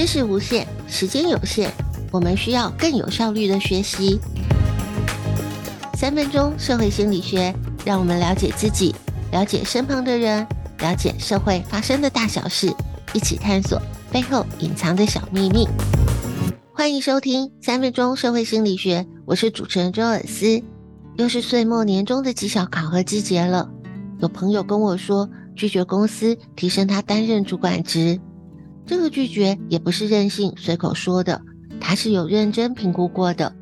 知識無限，時間有限，我們需要更有效率的學習。三分鐘社會心理學，讓我們了解自己，了解身旁的人，了解社會發生的大小事，一起探索背後隱藏的小秘密。歡迎收聽三分鐘社會心理學，我是主持人周爾思。又是歲末年終的績效考核季節了，有朋友跟我說，拒絕公司提升他擔任主管職。這個拒絕也不是任性隨口說的，他是有認真評估過的。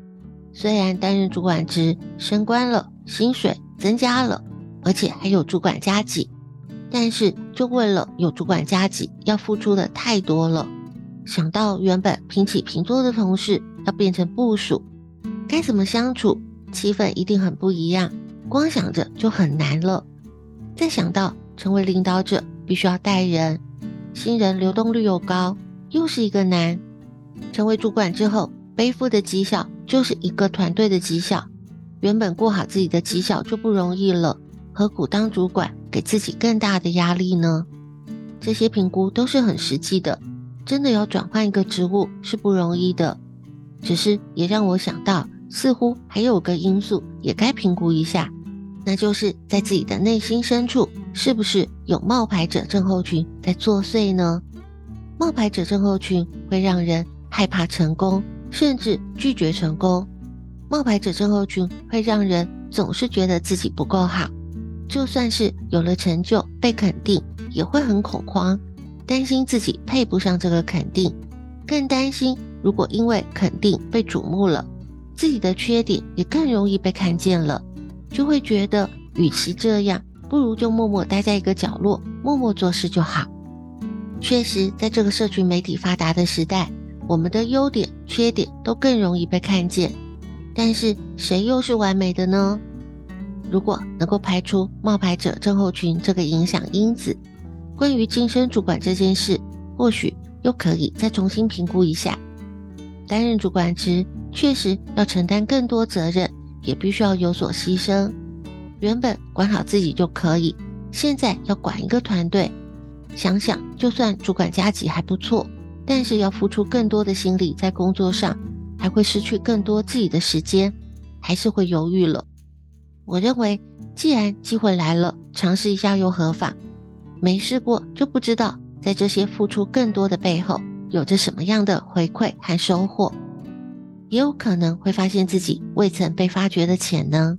雖然擔任主管職升官了，薪水增加了，而且還有主管加給，但是就為了有主管加給，要付出的太多了。想到原本平起平坐的同事要變成部屬，該怎麼相處，氣氛一定很不一樣，光想着就很難了。再想到成為領導者，必須要帶人。新人流動率又高，又是一個難。成為主管之後，背負的績效就是一個團隊的績效。原本顧好自己的績效就不容易了，何苦當主管給自己更大的壓力呢？這些評估都是很實際的，真的要轉換一個職務是不容易的。只是也讓我想到，似乎還有個因素也該評估一下，那就是在自己的內心深處。是不是有冒牌者症候群在作祟呢？冒牌者症候群會讓人害怕成功，甚至拒絕成功。冒牌者症候群會讓人總是覺得自己不夠好，就算是有了成就被肯定，也會很恐慌，擔心自己配不上這個肯定，更擔心如果因為肯定被矚目了，自己的缺點也更容易被看見了，就會覺得與其這樣。不如就默默待在一個角落，默默做事就好。確實，在這個社群媒體發達的時代，我們的優點、缺點都更容易被看見。但是，誰又是完美的呢？如果能夠排除冒牌者症候群這個影響因子，關於晉升主管這件事，或許又可以再重新評估一下。擔任主管職，確實要承擔更多責任，也必須要有所犧牲。原本管好自己就可以，現在要管一個團隊，想想就算主管加給還不錯，但是要付出更多的心力在工作上，還會失去更多自己的時間，還是會猶豫了。我認為，既然機會來了，嘗試一下又何妨？沒試過就不知道，在這些付出更多的背後，有着什麼樣的回饋和收穫，也有可能會發現自己未曾被發掘的潛能。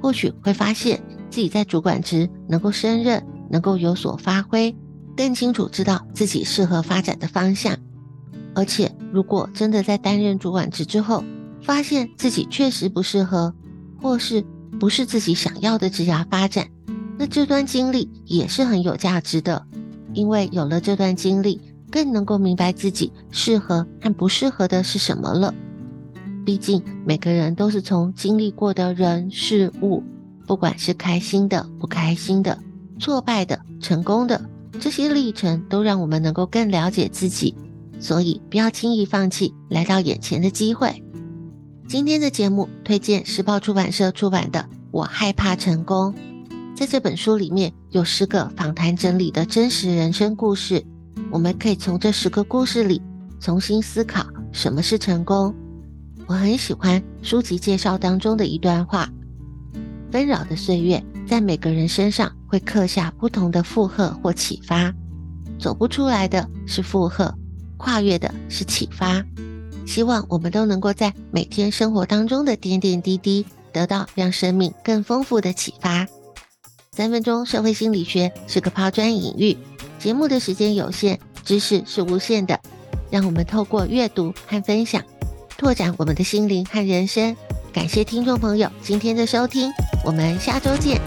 或許會發現自己在主管職能夠勝任，能夠有所發揮，更清楚知道自己適合發展的方向。而且，如果真的在擔任主管職之後，發現自己確實不適合，或是不是自己想要的職涯發展，那這段經歷也是很有價值的，因為有了這段經歷，更能夠明白自己適合和不適合的是什麼了。畢竟，每個人都是從經歷過的人事物，不管是開心的、不開心的、挫敗的、成功的，這些歷程都讓我們能夠更了解自己。所以，不要輕易放棄來到眼前的機會。今天的節目推薦時報出版社出版的《我害怕成功》。在這本書裡面，有十個訪談整理的真實人生故事，我們可以從這十個故事裡重新思考什麼是成功。我很喜歡書籍介紹當中的一段話：紛擾的歲月在每個人身上會刻下不同的負荷或啟發，走不出來的是負荷，跨越的是啟發。希望我們都能夠在每天生活當中的點點滴滴，得到讓生命更豐富的啟發。三分鐘社會心理學是個拋磚引玉，節目的時間有限，知識是無限的，讓我們透過閱讀和分享，拓展我們的心靈和人生。感謝聽眾朋友今天的收聽，我們下周見。